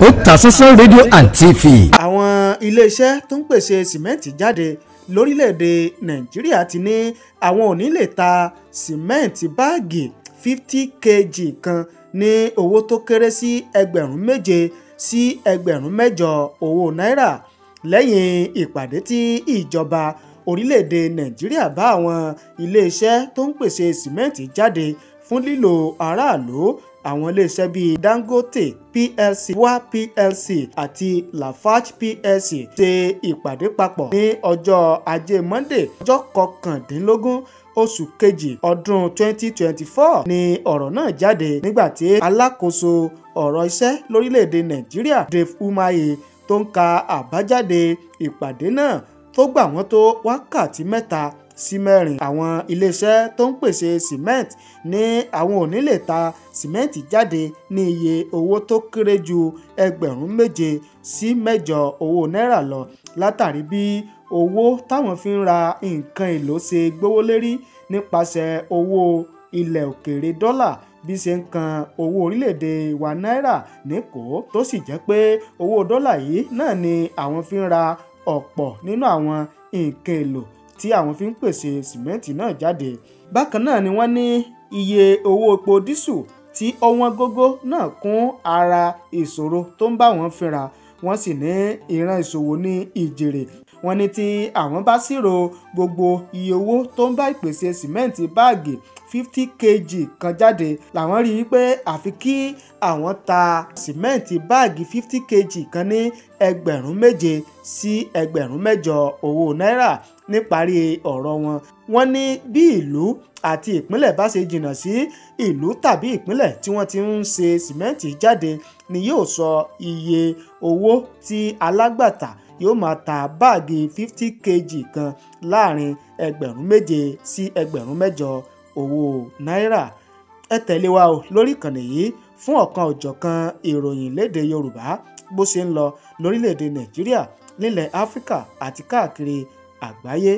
Otasansan rédíò and TV. àwọn iléeṣẹ́ tó ń pèsè sìmẹ́ǹtì jáde lórílẹ̀‐èdè Nàìjíríà ti ní àwọn ò ní lè ta sìmẹ́ǹtì báàgì fifty kg kan ní owó tó kéré sí ẹgbẹ̀rún méje sí ẹgbẹ̀rún mẹ́jọ owó náírà lẹ́yìn ìpàdé tí ìjọba orílẹ̀-èdè nàìjíríà bá àwọn iléeṣẹ́ tó ń pèsè sìmẹ́ǹtì jáde fún lílò aráàlú àwọn iléeṣẹ́ bíi Dangote PLC BUA PLC àti Lafarge PLC ṣe ìpàdé papọ̀ ní ọjọ́ ajé Monday ọjọ́ kọkàndínlógún oṣù kejì ọdún 2024 ni ọ̀rọ̀ náà jáde nígbà tí alákòóso ọ̀rọ̀ iṣẹ́ lórílẹ̀‐èdè Nàìjíríà Dave Umahi tó ń ka àbájáde ìpàdé náà tó gbà wọ́n tó wákàtí mẹ́ta sí mẹ́rin àwọn iléeṣẹ́ tó ń pèsè cement ní àwọn ò ní lè ta cement jáde ní iye owó tó kéré ju ẹgbẹ̀rún méje sí mẹ́jọ owó náírà lọ látàrí bí owó táwọn fi ń ra nǹkan èlò ṣe gbówó lérí nípasẹ̀ owó ilẹ̀ òkèèrè dọ́là bí ṣe ń kan owó orílẹ̀-èdè wa náírà níkòó tó sì jẹ́ pé owó dọ́là yìí náà ni àwọn fi ń ra ọ̀pọ̀ nínú àwọn nǹkan èlò tí àwọn fi ń pèsè sìmẹ́ǹtì náà jáde. bákan náà ni wọ́n ní iye owó epo dísù tí ọwọ́n gógó náà kún ara ìṣòro tó ń bá wọn fínra wọ́n sì ní ìran ìṣòwò ní ìjèrè wọ́n ní tí àwọn bá ṣírò gbogbo iye owó tó ń bá ìpèsè sìmẹ́ǹtì báàgì fifty kg kan jáde làwọn rí i pé àfi kí àwọn ta sìmẹ́ǹtì báàgì fifty kg kan ní ẹgbẹ̀rún méje sí ẹgbẹ̀rún mẹ́jọ owó náírà níparí ọ̀rọ̀ wọn wọ́n ní bí ìlú àti ìpínlẹ̀ bá ṣe jìnnà sí ìlú tàbí ìpínlẹ̀ tí wọ́n ti ń ṣe sìmẹ́ǹtì jáde ni yóò sọ iye owó tí alágbàtà yóò máa ta báàgì fifty kg kan láàrin ẹgbẹ̀rún méje sí ẹgbẹ̀rún mẹ́jọ owó náírà ẹ tẹ̀lé wa o lórí ìkànnì yìí fún ọ̀kan òjọ̀kan ìròyìn léde Yorùbá bó ṣe ń lọ lórílẹ̀‐èdè Nàìjíríà nílẹ̀ Áfíríkà àti káàkiri àgbáyé